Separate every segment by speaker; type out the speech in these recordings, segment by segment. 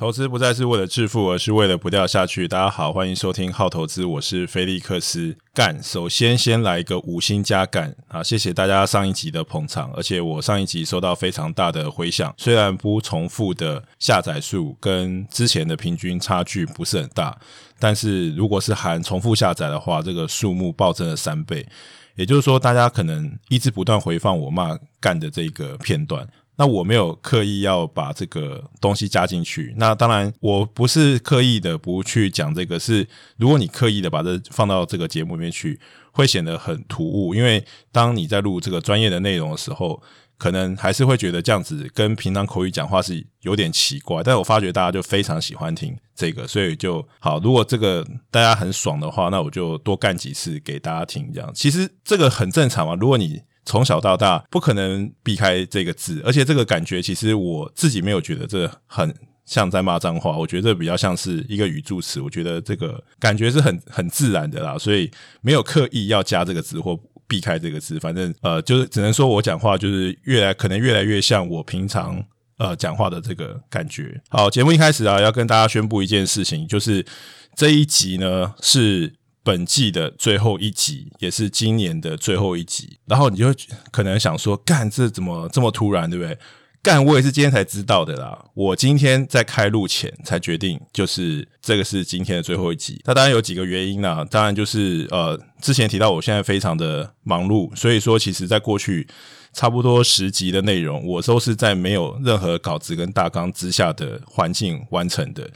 Speaker 1: 投資不再是為了致富，而是為了不掉下去。大家好，歡迎收聽《好投資》，我是菲力克斯。幹，首先先來一個五星加幹啊！謝謝大家上一集的捧場，而且我上一集收到非常大的回響。雖然不重複的下載數跟之前的平均差距不是很大，但是如果是含重複下載的話，這個數目暴增了三倍。也就是說，大家可能一直不斷回放我罵幹的這個片段。那我沒有刻意要把這個東西加進去。那當然，我不是刻意的不去講這個。是如果你刻意的把這放到這個節目裡面去，會顯得很突兀。因為當你在錄這個專業的內容的時候，可能還是會覺得這樣子跟平常口語講話是有點奇怪。但我發覺大家就非常喜歡聽這個，所以就好。如果這個大家很爽的話，那我就多幹幾次給大家聽。這樣其實這個很正常嘛。如果你從小到大，不可能避開這個字，而且這個感覺，其實我自己沒有覺得這很像在罵髒話，我覺得這比較像是一個語助詞。我覺得這個感覺是很很自然的啦，所以沒有刻意要加這個字或避開這個字，反正呃，就是只能說我講話就是越來可能越來越像我平常呃講話的這個感覺。好，節目一開始啊，要跟大家宣布一件事情，就是這一集呢是。本季的最後一集，也是今年的最後一集，然後你就可能想說，幹這怎麼這麼突然，對不對？幹我也是今天才知道的啦，我今天在開錄前才決定，就是這個是今天的最後一集。那當然有幾個原因啦，當然就是呃，之前提到我現在非常的忙碌，所以說其實在過去差不多十集的內容，我都是在沒有任何稿子跟大綱之下的環境完成的。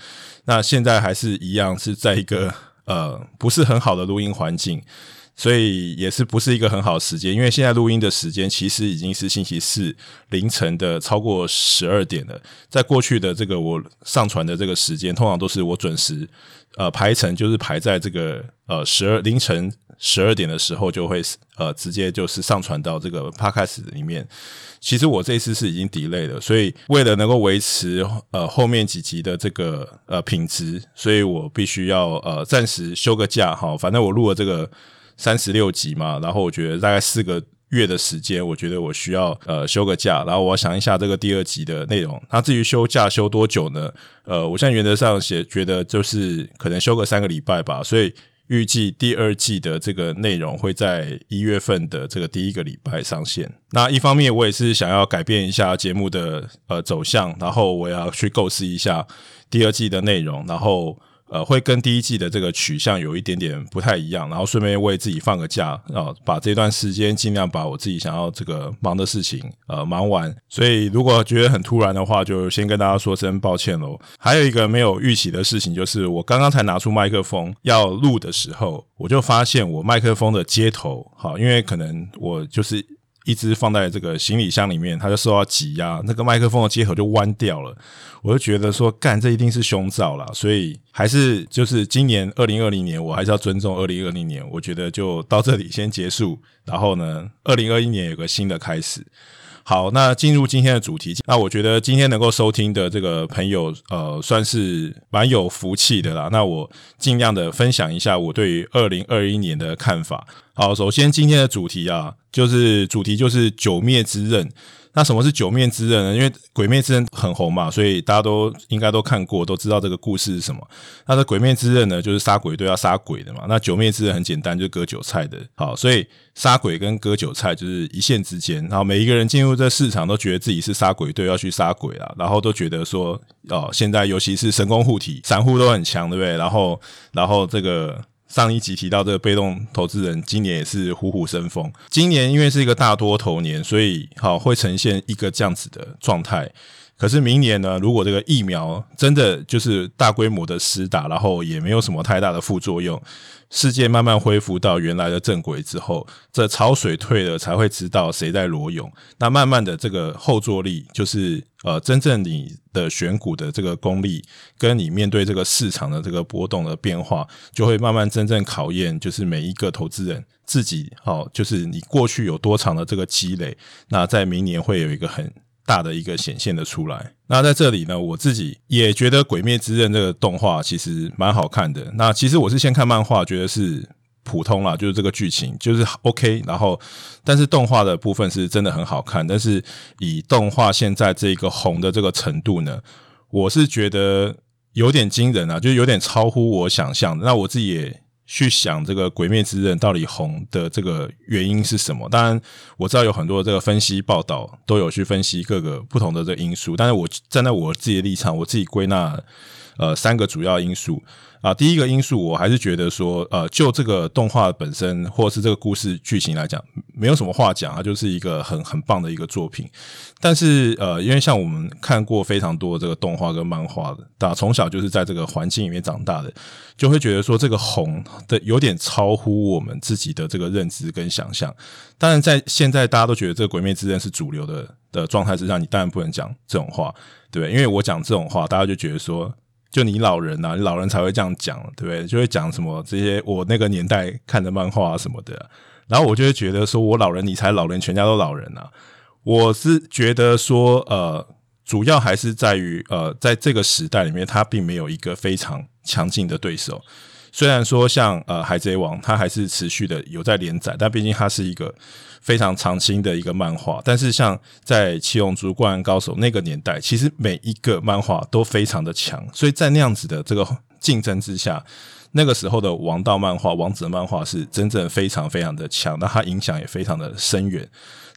Speaker 1: 那現在還是一樣是在一個。嗯呃，不是很好的錄音環境，所以也是不是一個很好的時間，因為現在錄音的時間其實已經是星期四凌晨的超過十二點了。在過去的這個我上傳的這個時間，通常都是我準時，呃，排程就是排在這個呃十二凌晨。十二點的時候就會呃直接就是上傳到這個 Podcast 裡面。其實我這一次是已經 delay 了，所以為了能夠維持呃後面幾集的這個呃品質，所以我必須要呃暫時休個假哈。反正我錄了這個三十六集嘛，然後我覺得大概四個月的時間，我覺得我需要呃休個假，然後我要想一下這個第二集的內容。那至於休假休多久呢？呃，我現在原則上寫覺得就是可能休個三個禮拜吧，所以。預計第二季的這個內容會在一月份的這個第一個禮拜上線。那一方面，我也是想要改變一下節目的呃走向，然後我要去構思一下第二季的內容，然後。呃，會跟第一季的這個取向有一點點不太一樣，然後順便為自己放個假，啊，把這段時間盡量把我自己想要這個忙的事情呃忙完。所以如果覺得很突然的話，就先跟大家說聲抱歉嘍。還有一個沒有預期的事情，就是我剛剛才拿出麥克風要錄的時候，我就發現我麥克風的接頭，好，因為可能我就是。一直放在這個行李箱裡面，它就受到擠壓，啊，那個麥克風的接頭就彎掉了。我就覺得說，幹，這一定是兇兆了。所以還是就是今年二零二零年，我還是要尊重二零二零年。我覺得就到這裡先結束，然後呢，二零二一年有個新的開始。好，那進入今天的主題。那我覺得今天能夠收聽的這個朋友，呃，算是蠻有福氣的啦。那我盡量的分享一下我對於二零二一年的看法。好，首先今天的主題啊，就是主題就是韭滅之刃。那什麼是韭滅之刃呢？因為鬼滅之刃很紅嘛，所以大家都應該都看過，都知道這個故事是什麼。那這鬼滅之刃呢，就是殺鬼隊要殺鬼的嘛。那韭滅之刃很簡單，就是割韭菜的。好，所以殺鬼跟割韭菜就是一線之間。然後每一個人進入這市場，都覺得自己是殺鬼隊要去殺鬼啊，然後都覺得說，哦，現在尤其是神功護體，散戶都很強，對不對？然後，然後這個。上一集提到這個被動投資人，今年也是虎虎生風。今年因為是一個大多頭年，所以好會呈現一個這樣子的狀態。可是明年呢？如果這個疫苗真的就是大規模的施打，然後也沒有什麼太大的副作用，世界慢慢恢復到原來的正軌之後，這潮水退了，才會知道誰在裸泳。那慢慢的，這個後坐力就是呃，真正你的選股的這個功力，跟你面對這個市場的這個波動的變化，就會慢慢真正考驗，就是每一個投資人自己哦，就是你過去有多長的這個積累，那在明年會有一個很。大的一個顯現的出來。那在這裡呢，我自己也覺得《鬼滅之刃》這個動畫其實蠻好看的。那其實我是先看漫畫，覺得是普通啦，就是這個劇情就是 OK。然後，但是動畫的部分是真的很好看。但是以動畫現在這個紅的這個程度呢，我是覺得有點驚人啊，就是有點超乎我想象的。那我自己也。去想這個《鬼滅之刃》到底紅的這個原因是什麼？當然，我知道有很多的這個分析報道都有去分析各個不同的這個因素，但是我站在我自己的立場，我自己歸納。呃，三個主要因素啊。呃，第一個因素我還是覺得說，呃，就這個動畫本身，或者是這個故事劇情來講，沒有什麼話講，它就是一個很很棒的一個作品。但是，呃，因為像我們看過非常多的這個動畫跟漫畫的，大家從小就是在這個環境裡面長大的，就會覺得說這個紅的有點超乎我們自己的這個認知跟想象。當然，在現在大家都覺得這個鬼滅之刃是主流的的狀態之下，你當然不能講這種話，對不對？因為我講這種話，大家就覺得說。就你老人啊，你老人才會這樣講，對不對？就會講什麼這些我那個年代看的漫畫啊什麼的。啊，然後我就會覺得說，我老人你才老人，全家都老人啊。我是覺得說，呃，主要還是在於，呃，在這個時代裡面，他並沒有一個非常強勁的對手。雖然說像呃《海賊王》，它還是持續的有在連載，但畢竟它是一個非常長青的一個漫畫。但是像在《七龍珠》《灌籃高手》那個年代，其實每一個漫畫都非常的強，所以在那樣子的這個競爭之下，那個時候的王道漫畫、王子的漫畫是真正非常非常的強，那它影響也非常的深遠。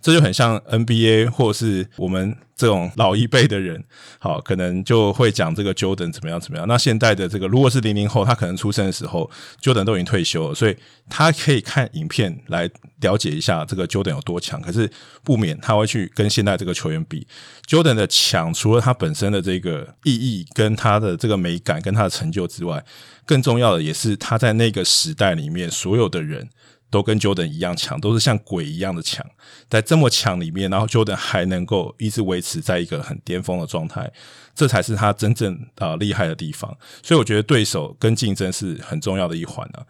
Speaker 1: 這就很像 NBA，或者是我們這種老一輩的人，好，可能就會講這個 Jordan 怎麼樣怎麼樣。那現在的這個，如果是零零後，他可能出生的時候，Jordan 都已經退休了，所以他可以看影片來了解一下這個 Jordan 有多強。可是不免他會去跟現在這個球員比，Jordan 的強，除了他本身的這個意義、跟他的這個美感、跟他的成就之外，更重要的也是他在那個時代裡面所有的人，都跟 Jordan 一樣強，都是像鬼一樣的強，在這麼強裡面，然後 Jordan 還能夠一直維持在一個很巔峰的狀態，這才是他真正啊呃厲害的地方。所以我覺得對手跟競爭是很重要的一環啊。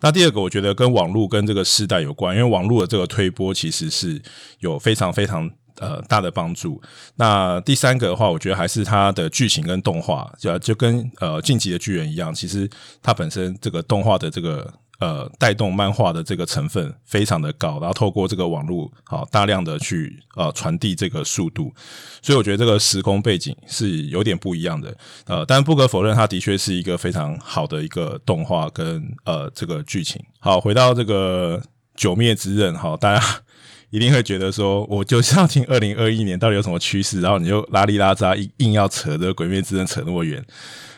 Speaker 1: 那第二個，我覺得跟網絡跟這個時代有關，因為網絡的這個推波，其實是有非常非常呃大的幫助。那第三個的話，我覺得還是它的劇情跟動畫，就、啊、就跟呃《進擊的巨人》一樣，其實它本身這個動畫的這個。呃，帶動漫畫的這個成分非常的高，然後透過這個網絡，好、哦、大量的去啊、呃、傳遞這個速度，所以我覺得這個時空背景是有點不一樣的。呃，但不可否認，它的確是一個非常好的一個動畫跟呃這個劇情。好，回到這個韭滅之刃，好、哦，大家一定會覺得說，我就是要聽二零二一年到底有什麼趨勢，然後你就拉里拉扎，硬要扯這個《鬼滅之刃》扯那麼遠。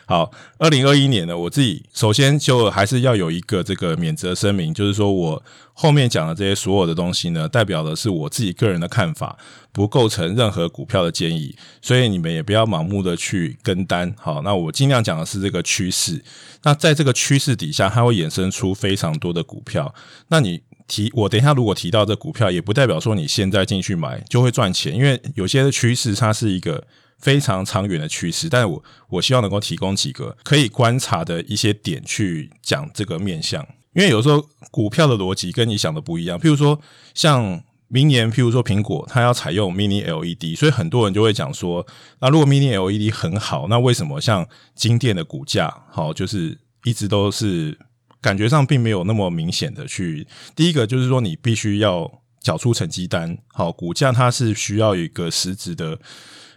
Speaker 1: 好，二零二一年呢，我自己首先就還是要有一個這個免責聲明，就是說我後面講的這些所有的東西呢，代表的是我自己個人的看法，不構成任何股票的建議，所以你們也不要盲目的去跟單。好，那我盡量講的是這個趨勢，那在這個趨勢底下，它會衍生出非常多的股票，那你提我等一下，如果提到這股票，也不代表說你現在進去買就會賺錢，因為有些的趨勢它是一個非常長遠的趨勢。但我我希望能夠提供幾個可以觀察的一些點去講這個面向，因為有時候股票的邏輯跟你想的不一樣。譬如說，像明年，譬如說蘋果，它要採用 Mini LED，所以很多人就會講說，那如果 Mini LED 很好，那為什麼像晶電的股價好就是一直都是？感覺上並沒有那麼明顯的去。第一個就是說你必須要繳出成績單，好，股價它是需要一個實質的，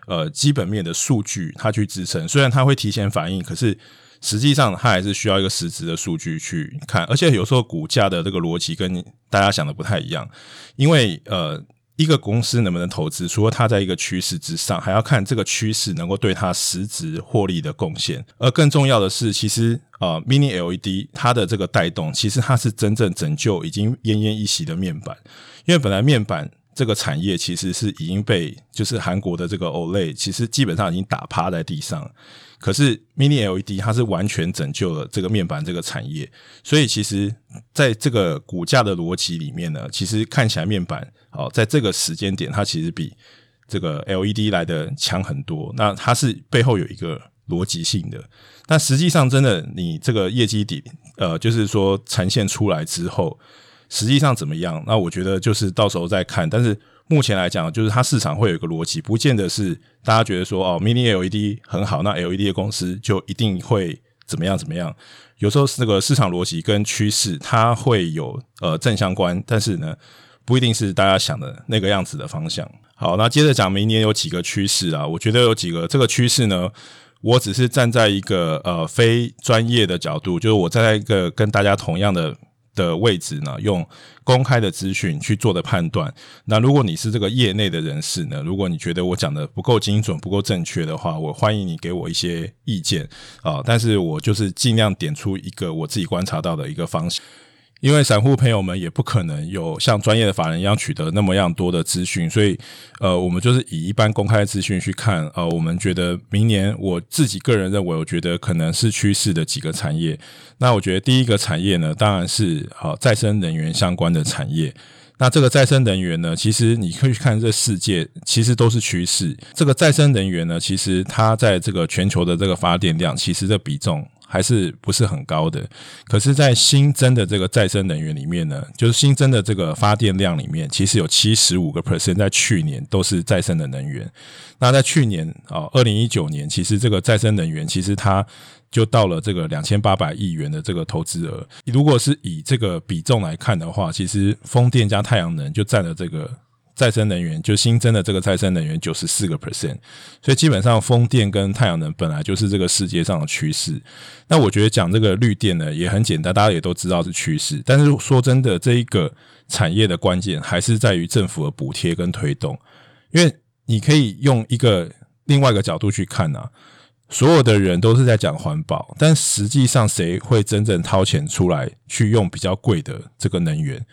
Speaker 1: 呃，基本面的數據它去支撐，雖然它會提前反應，可是實際上它還是需要一個實質的數據去看，而且有時候股價的這個邏輯跟大家想的不太一樣，因為呃。一個公司能不能投資，除了它在一個趨勢之上，還要看這個趨勢能夠對它實質獲利的貢獻。而更重要的是，其實啊，呃，Mini LED 它的這個帶動，其實它是真正拯救已經奄奄一息的面板。因為本來面板這個產業其實是已經被就是韓國的這個 OLED，其實基本上已經打趴在地上。可是 Mini LED 它是完全拯救了這個面板這個產業。所以其實在這個股價的邏輯裡面呢，其實看起來面板。好，在這個時間點，它其實比這個 LED 來得強很多。那它是背後有一個邏輯性的，但實際上，真的你這個業績底，呃，就是說呈現出來之後，實際上怎麼樣？那我覺得就是到時候再看。但是目前來講，就是它市場會有一個邏輯，不見得是大家覺得說哦，mini LED 很好，那 LED 的公司就一定會怎麼樣怎麼樣。有時候是那個市場邏輯跟趨勢它會有呃正相關，但是呢。不一定是大家想的那個樣子的方向。好，那接着講明年有幾個趨勢啊？我覺得有幾個這個趨勢呢，我只是站在一個呃非專業的角度，就是我站在一個跟大家同樣的的位置呢，用公開的資訊去做的判斷。那如果你是這個業內的人士呢，如果你覺得我講的不夠精準、不夠正確的話，我歡迎你給我一些意見啊。好，但是我就是盡量點出一個我自己觀察到的一個方向。因為散戶朋友們也不可能有像專業的法人一樣取得那麼樣多的資訊，所以呃，我們就是以一般公開資訊去看。呃，我們覺得明年我自己個人認為，我覺得可能是趨勢的幾個產業。那我覺得第一個產業呢，當然是啊、呃、再生能源相關的產業。那這個再生能源呢，其實你可以去看這世界，其實都是趨勢。這個再生能源呢，其實它在這個全球的這個發電量，其實的比重，還是不是很高的，可是，在新增的這個再生能源裡面呢，就是新增的這個發電量裡面，其實有七十五個 percent 在去年都是再生的能源。那在去年啊，二零一九年，其實這個再生能源其實它就到了這個兩千八百億元的這個投資額。如果是以這個比重來看的話，其實風電加太陽能就占了這個。再生能源，就新增的這個再生能源九十四個 percent，所以基本上風電跟太陽能本來就是這個世界上的趨勢。那我覺得講這個綠電呢，也很簡單，大家也都知道是趨勢。但是說真的，這一個產業的關鍵還是在於政府的補貼跟推動，因為你可以用一個另外一個角度去看啊，所有的人都是在講環保，但實際上誰會真正掏錢出來去用比較貴的這個能源？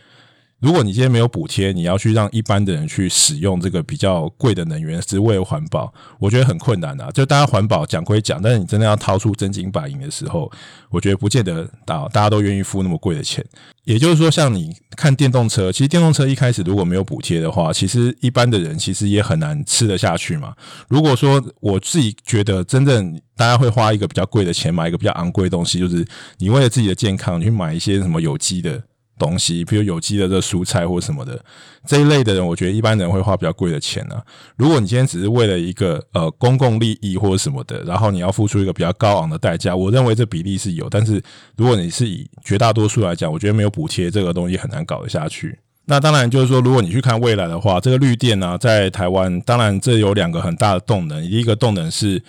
Speaker 1: 如果你今天沒有補貼，你要去讓一般的人去使用這個比較貴的能源，是為了環保，我覺得很困難的、啊。就大家環保講歸講，但是你真的要掏出真金白銀的時候，我覺得不見得啊，大家都願意付那麼貴的錢。也就是說，像你看電動車，其實電動車一開始如果沒有補貼的話，其實一般的人其實也很難吃得下去嘛。如果說我自己覺得，真正大家會花一個比較貴的錢買一個比較昂貴的東西，就是你為了自己的健康你去買一些什麼有機的，東西，比如有機的這蔬菜或什麼的這一類的人，我覺得一般人會花比較貴的錢呢、啊。如果你今天只是為了一個呃公共利益或者什麼的，然後你要付出一個比較高昂的代價，我認為這比例是有。但是如果你是以絕大多數來講，我覺得沒有補貼這個東西很難搞得下去。那當然就是說，如果你去看未來的話，這個綠電呢，在台灣，當然這有兩個很大的動能，第一個動能是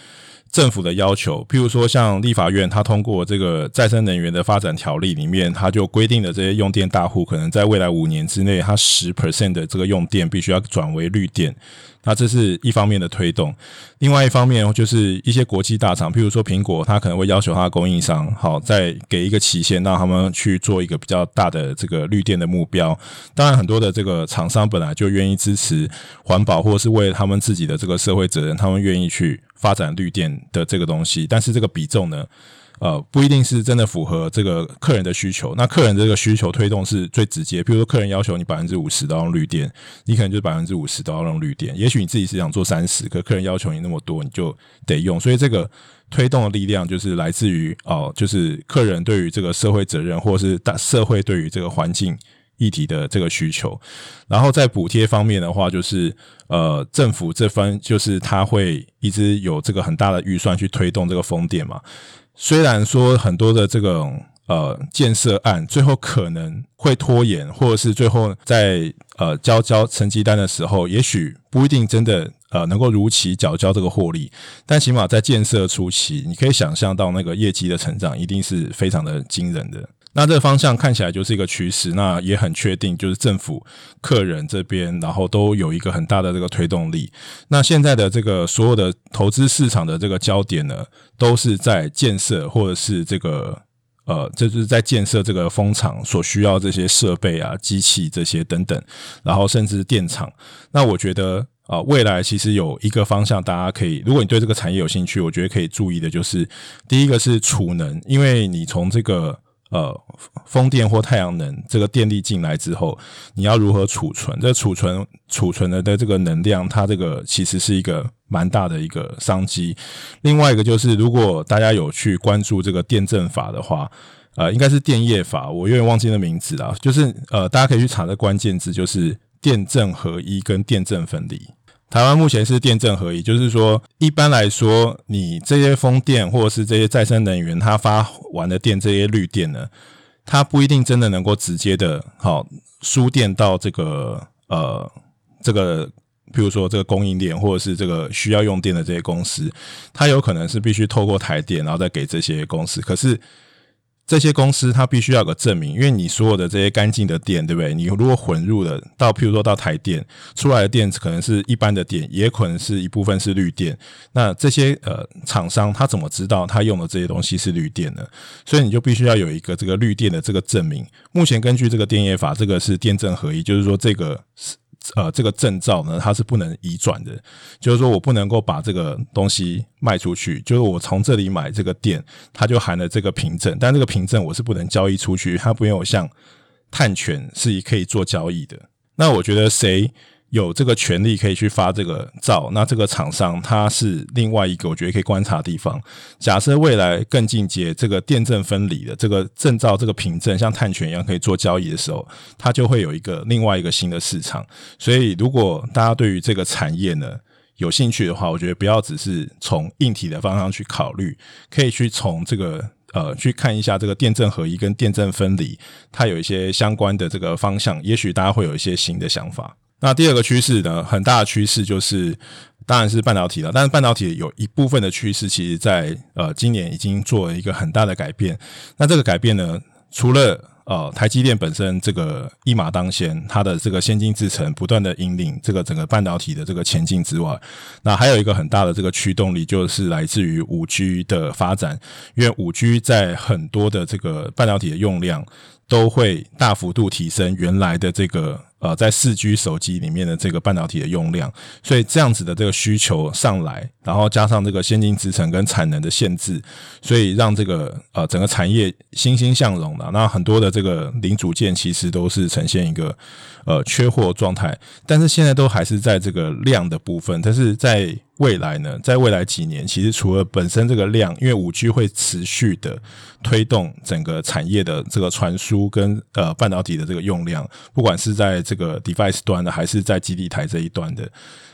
Speaker 1: 政府的要求，譬如說，像立法院它通過這個再生能源的發展條例裡面，它就規定了這些用電大戶，可能在未來五年之內，它十 percent 的這個用電必須要轉為綠電。那這是一方面的推動，另外一方面就是一些國際大廠，譬如說蘋果，它可能會要求它的供應商，好再給一個期限，讓他們去做一個比較大的這個綠電的目標。當然，很多的這個廠商本來就願意支持環保，或是為了他們自己的這個社會責任，他們願意去發展綠電的這個東西。但是這個比重呢？呃，不一定是真的符合這個客人的需求。那客人這個需求推動是最直接，比如說客人要求你百分之五十都要用綠電，你可能就是百分之五十都要用綠電。也許你自己是想做三十，可客人要求你那麼多，你就得用。所以這個推動的力量就是來自於哦，就是客人對於這個社會責任，或是大社會對於這個環境議題的這個需求。然後在補貼方面的話，就是呃，政府這方就是他會一直有這個很大的預算去推動這個風電嘛。雖然說很多的這種、個、呃、建設案最後可能會拖延，或者是最後在呃交交成績單的時候，也許不一定真的呃能夠如期繳交，交這個獲利，但起碼在建設初期，你可以想象到那個業績的成長一定是非常的驚人的。那這個方向看起來就是一個趨勢，那也很確定，就是政府、客人這邊，然後都有一個很大的這個推動力。那現在的這個所有的投資市場的這個焦點呢，都是在建設，或者是這個呃，就是在建設這個風場所需要的這些設備啊、機器這些等等，然後甚至是電廠。那我覺得啊，未來其實有一個方向，大家可以，如果你對這個產業有興趣，我覺得可以注意的，就是第一個是儲能，因為你從這個。呃，風電或太陽能這個電力進來之後，你要如何儲存？這儲存儲存的的這個能量，它這個其實是一個蠻大的一個商機。另外一個就是，如果大家有去關注這個電證法的話，呃，應該是電業法，我有點忘記那個名字了。就是呃，大家可以去查的關鍵字，就是電證合一跟電證分離。台灣目前是電證合一，就是說，一般來說，你這些風電或者是這些再生能源，它發完的電，這些綠電呢，它不一定真的能夠直接的，好，輸電到這個呃這個，比如說這個供應鏈或者是這個需要用電的這些公司，它有可能是必須透過台電，然後再給這些公司。可是。這些公司它必須要有個證明，因為你所有的這些乾淨的電，對不對？你如果混入了，到譬如說到台電出來的電，可能是一般的電，也可能是一部分是綠電。那這些呃廠商他怎麼知道他用的這些東西是綠電呢？所以你就必須要有一個這個綠電的這個證明。目前根據這個電業法，這個是電證合一，就是說這個是。呃，這個證照呢，它是不能移轉的，就是說我不能夠把這個東西賣出去，就是我從這裡買這個店，它就含了這個憑證，但這個憑證我是不能交易出去，它沒有像碳權，是可以做交易的。那我覺得誰？有這個權利可以去發這個照，那這個廠商它是另外一個我覺得可以觀察的地方。假設未來更進階這，這個電證分離的這個證照、這個憑證，像碳權一樣可以做交易的時候，它就會有一個另外一個新的市場。所以，如果大家對於這個產業呢，有興趣的話，我覺得不要只是從硬體的方向去考慮，可以去從這個呃去看一下這個電證合一跟電證分離，它有一些相關的這個方向，也許大家會有一些新的想法。那第二個趨勢呢，很大的趨勢就是，當然是半導體了。但是半導體有一部分的趨勢，其實，在呃今年已經做了一個很大的改變。那這個改變呢，除了呃台積電本身這個一馬當先，它的這個先進製程不斷的引領這個整個半導體的這個前進之外，那還有一個很大的這個驅動力，就是來自於 5G 的發展。因為 5G 在很多的這個半導體的用量都會大幅度提升原來的這個，呃，在四 G 手機裡面的這個半導體的用量，所以這樣子的這個需求上來，然後加上這個先進製程跟產能的限制，所以讓這個呃整個產業欣欣向榮的。那很多的這個零組件其實都是呈現一個呃缺貨狀態，但是現在都還是在這個量的部分，但是在。未來呢，在未來幾年，其實除了本身這個量，因為五 G 會持續的推動整個產業的這個傳輸跟呃半導體的這個用量，不管是在這個 device 端的，還是在基地台這一端的，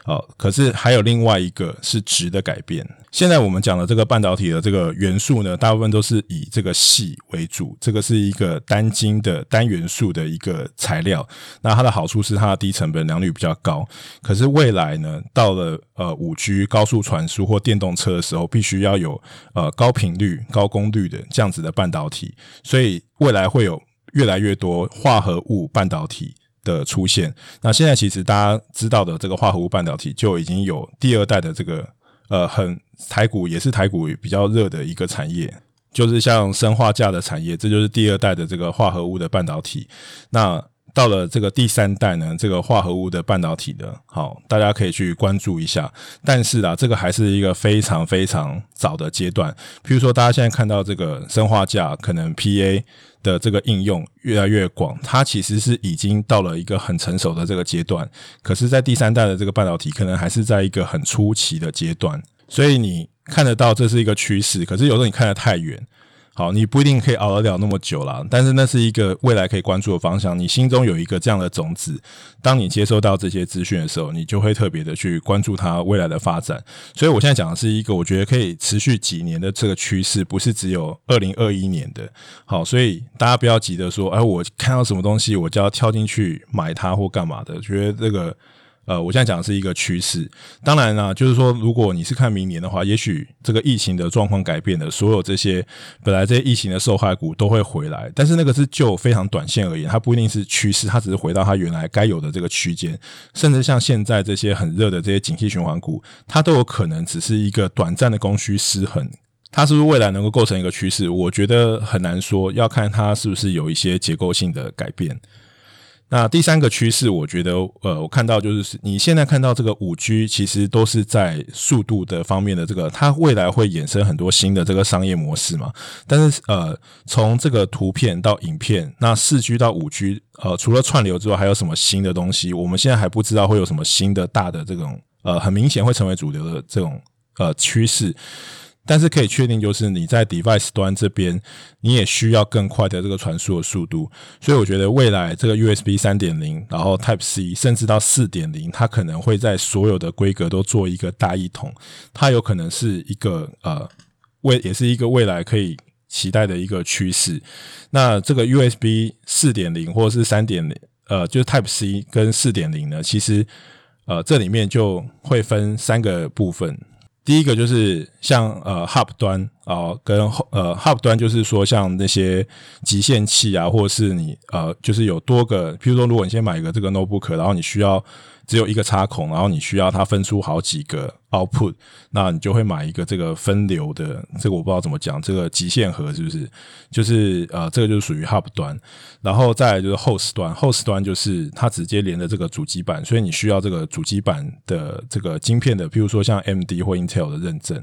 Speaker 1: 好、哦，可是還有另外一個是值的改變。現在我們講的這個半導體的這個元素呢，大部分都是以這個矽為主，這個是一個單晶的單元素的一個材料。那它的好處是它的低成本、良率比較高。可是未來呢，到了呃，5G 高速傳輸或電動車的時候，必須要有呃高頻率、高功率的這樣子的半導體，所以未來會有越來越多化合物半導體的出現。那現在其實大家知道的這個化合物半導體，就已經有第二代的這個呃，很台股也是台股比較熱的一個產業，就是像砷化鎵的產業，這就是第二代的這個化合物的半導體。那到了這個第三代呢，這個化合物的半導體的，好，大家可以去關注一下。但是啊，這個還是一個非常非常早的階段。譬如說，大家現在看到這個砷化鎵可能 PA 的這個應用越來越廣，它其實是已經到了一個很成熟的這個階段。可是，在第三代的這個半導體，可能還是在一個很初期的階段。所以你看得到這是一個趨勢，可是有時候你看得太遠。好，你不一定可以熬得了那麼久啦，但是那是一個未來可以關注的方向。你心中有一個這樣的種子，當你接收到這些資訊的時候，你就會特別的去關注它未來的發展。所以，我現在講的是一個我覺得可以持續幾年的這個趨勢，不是只有二零二一年的。好，所以大家不要急着說，哎，我看到什麼東西，我就要跳進去買它或幹嘛的，覺得這個。呃，我現在講的是一個趨勢。當然呢、啊，就是說，如果你是看明年的話，也許這個疫情的狀況改變，的所有這些本來這些疫情的受害股都會回來。但是那個是就非常短線而言，它不一定是趨勢，它只是回到它原來該有的這個區間。甚至像現在這些很熱的這些景氣循環股，它都有可能只是一個短暫的供需失衡。它是不是未來能夠構成一個趨勢？我覺得很難說，要看它是不是有一些結構性的改變。那第三個趨勢，我覺得，呃，我看到就是，你現在看到這個五 G，其實都是在速度的方面的這個，它未來會衍生很多新的這個商業模式嘛。但是，呃，從這個圖片到影片，那四 G 到五 G，呃，除了串流之外，還有什麼新的東西？我們現在還不知道會有什麼新的大的這種，呃，很明顯會成為主流的這種呃趨勢。但是可以確定，就是你在 device 端這邊，你也需要更快的這個傳輸的速度。所以我覺得未來這個 USB 三點零，然後 Type C，甚至到四點零，它可能會在所有的規格都做一個大一統。它有可能是一個呃未，也是一個未來可以期待的一個趨勢。那這個 USB 四點零或者是三點零，呃，就是 Type C 跟四點零呢，其實呃這裡面就會分三個部分。第一個就是像呃，Hub 端。啊、哦，跟呃，hub 端就是說，像那些集線器啊，或者是你呃，就是有多個，譬如說，如果你先買一個這個 notebook，然後你需要只有一個插孔，然後你需要它分出好幾個 output，那你就會買一個這個分流的，這個我不知道怎麼講，這個集線盒是不是？就是呃，這個就是屬於 hub 端，然後再來就是 host 端，host 端就是它直接連着這個主機板，所以你需要這個主機板的這個晶片的，譬如說像 AMD 或 Intel 的認證。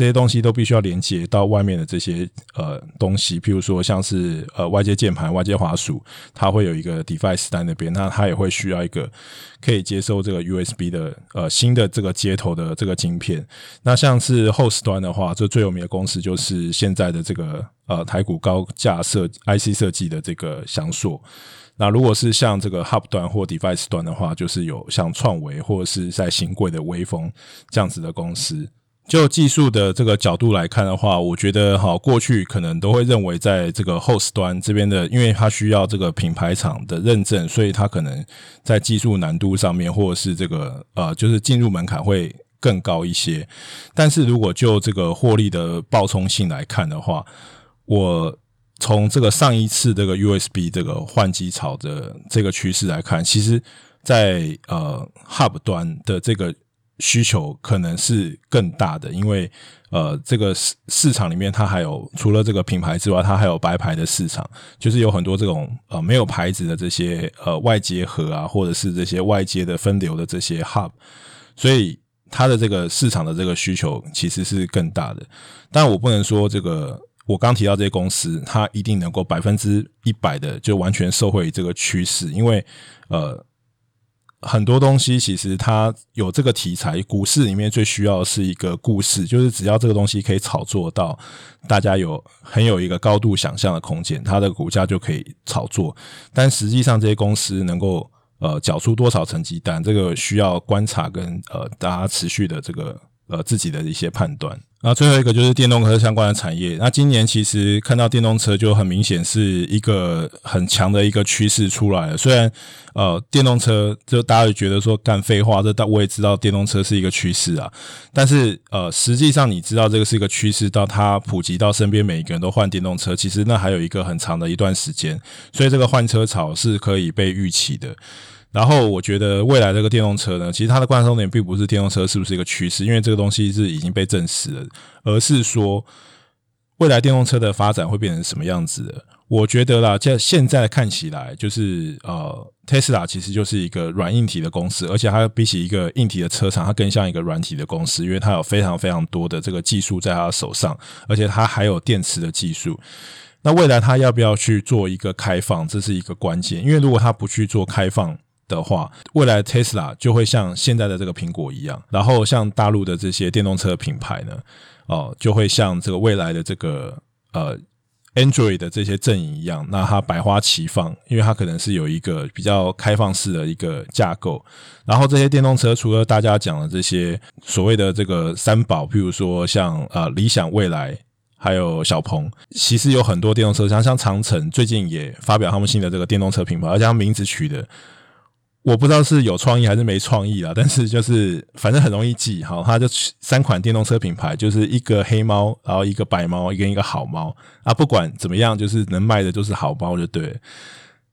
Speaker 1: 這些東西都必須要連接到外面的這些呃東西，譬如說像是呃外接鍵盤、外接滑鼠，它會有一個 device 在那邊，那它也會需要一個可以接收這個 USB 的呃新的這個接頭的這個晶片。那像是 host 端的話，這最有名的公司就是現在的這個呃台股高價設 IC 設計的這個祥碩。那如果是像這個 hub 端或 device 端的話，就是有像創惟或者是在興櫃的威鋒這樣子的公司。就技術的這個角度來看的話，我覺得哈，過去可能都會認為在這個 host 端這邊的，因為它需要這個品牌廠的認證，所以它可能在技術難度上面，或者是這個呃，就是進入門檻會更高一些。但是如果就這個獲利的爆衝性來看的話，我從這個上一次這個 USB 這個換機潮的這個趨勢來看，其實在呃 hub 端的這個。需求可能是更大的，因為呃，這個市市場裡面它還有除了這個品牌之外，它還有白牌的市場，就是有很多這種呃沒有牌子的這些呃外接盒啊，或者是這些外接的分流的這些 hub，所以它的這個市場的這個需求其實是更大的。但我不能說這個我剛提到這些公司，它一定能夠百分之一百的就完全受惠這個趨勢，因為呃。很多東西其實它有這個題材，股市裡面最需要的是一個故事，就是只要這個東西可以炒作到，大家有很有一個高度想象的空間，它的股價就可以炒作。但實際上，這些公司能夠呃繳出多少成績單，這個需要觀察跟呃大家持續的這個呃自己的一些判斷。那最後一個就是電動車相關的產業。那今年其實看到電動車就很明顯是一個很強的一個趨勢出來了。雖然呃，電動車就大家也覺得說幹廢話，這我也知道電動車是一個趨勢啊。但是呃，實際上你知道這個是一個趨勢，到它普及到身邊每一個人都換電動車，其實那還有一個很長的一段時間。所以這個換車潮是可以被預期的。然後我覺得未來這個電動車呢，其實它的關注點並不是電動車是不是一個趨勢，因為這個東西是已經被證實了，而是說未來電動車的發展會變成什麼樣子。我覺得啦，在現在看起來，就是呃，特斯拉其實就是一個軟硬體的公司，而且它比起一個硬體的車廠，它更像一個軟體的公司，因為它有非常非常多的這個技術在它手上，而且它還有電池的技術。那未來它要不要去做一個開放，這是一個關鍵，因為如果它不去做開放，的話，未來 Tesla 就會像現在的這個蘋果一樣，然後像大陸的這些電動車品牌呢，哦、呃，就會像這個未來的這個呃 Android 的這些陣營一樣，那它百花齊放，因為它可能是有一個比較開放式的一個架構。然後這些電動車除了大家講的這些所謂的這個三寶，譬如說像呃理想、未來，還有小鵬，其實有很多電動車，像像長城最近也發表他們新的這個電動車品牌，而且他們名字取得。我不知道是有創意還是沒創意啊，但是就是反正很容易記。好，他就三款電動車品牌，就是一個黑貓，然後一個白貓，一個跟一個好貓。啊，不管怎麼樣，就是能賣的就是好貓就對。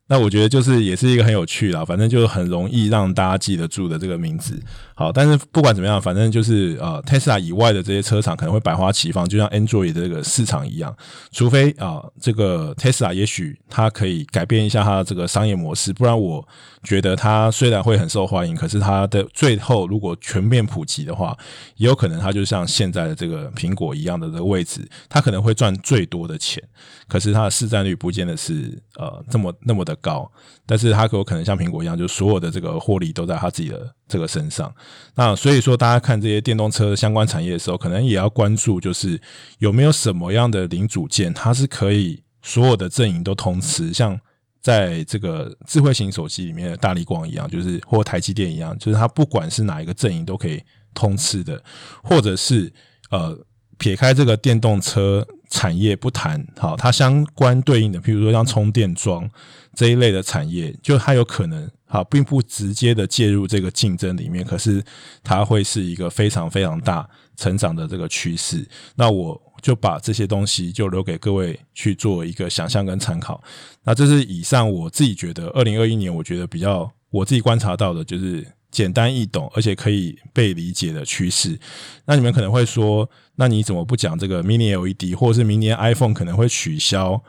Speaker 1: 那我覺得就是也是一個很有趣啦，反正就是很容易讓大家記得住的這個名字。好，但是不管怎麼樣，反正就是呃、啊，Tesla 以外的這些車廠可能會百花齊放，就像 Android 這個市場一樣。除非啊，這個 Tesla 也許它可以改變一下它的這個商業模式，不然我覺得它雖然會很受歡迎，可是它的最後如果全面普及的話，也有可能它就像現在的這個蘋果一樣的這個位置，它可能會賺最多的錢，可是它的市占率不見得是呃這麼那麼的。高，但是它有可能像蘋果一樣，就是所有的這個獲利都在他自己的這個身上。那所以說，大家看這些電動車相關產業的時候，可能也要關注，就是有沒有什麼樣的零組件，它是可以所有的陣營都通吃，像在這個智慧型手機裡面的大立光一樣，就是或台積電一樣，就是它不管是哪一個陣營都可以通吃的，或者是呃撇開這個電動車。產業不談，好，它相關對應的，比如說像充電樁這一類的產業，就它有可能，好，並不直接的介入這個競爭裡面，可是它會是一個非常非常大成長的這個趨勢。那我就把這些東西就留給各位去做一個想象跟參考。那這是以上我自己覺得，二零二一年我覺得比較我自己觀察到的就是。簡單易懂，而且可以被理解的趨勢。那你們可能會說，那你怎麼不講這個 mini LED 或者是明年 iPhone 可能會取消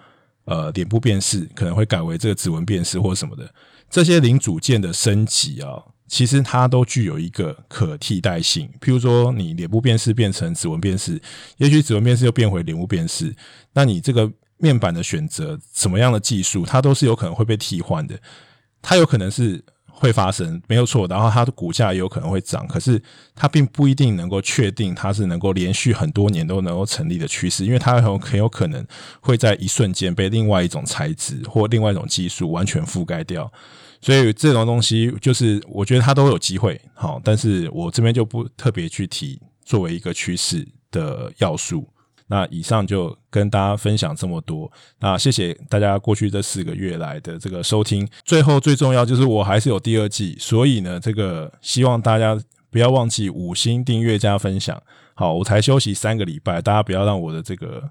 Speaker 1: 呃臉部辨識，可能會改為這個指紋辨識或什麼的？這些零組件的升級啊，其實它都具有一個可替代性。譬如說，你臉部辨識變成指紋辨識，也許指紋辨識又變回臉部辨識，那你這個面板的選擇什麼樣的技術，它都是有可能會被替換的。它有可能是。會發生，沒有錯。然後它的股價也有可能會漲，可是它並不一定能夠確定它是能夠連續很多年都能夠成立的趨勢，因為它很很有可能會在一瞬間被另外一種材質或另外一種技術完全覆蓋掉。所以這種東西就是，我覺得它都有機會好，但是我這邊就不特別去提作為一個趨勢的要素。那以上就跟大家分享這麼多，那謝謝大家過去這四個月來的這個收聽。最後最重要就是我還是有第二季，所以呢，這個希望大家不要忘記五星訂閱加分享。好，我才休息三個禮拜，大家不要讓我的這個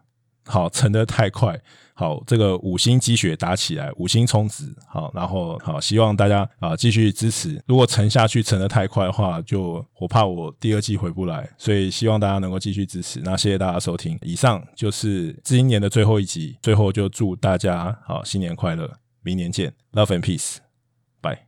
Speaker 1: 好沉得太快。好，這個五星雙擊打起來，五星充值好，然後好，希望大家啊繼續支持。如果沉下去沉得太快的話，就我怕我第二季回不來，所以希望大家能夠繼續支持。那謝謝大家收聽，以上就是今年的最後一集，最後就祝大家好新年快樂，明年見，Love and Peace，bye。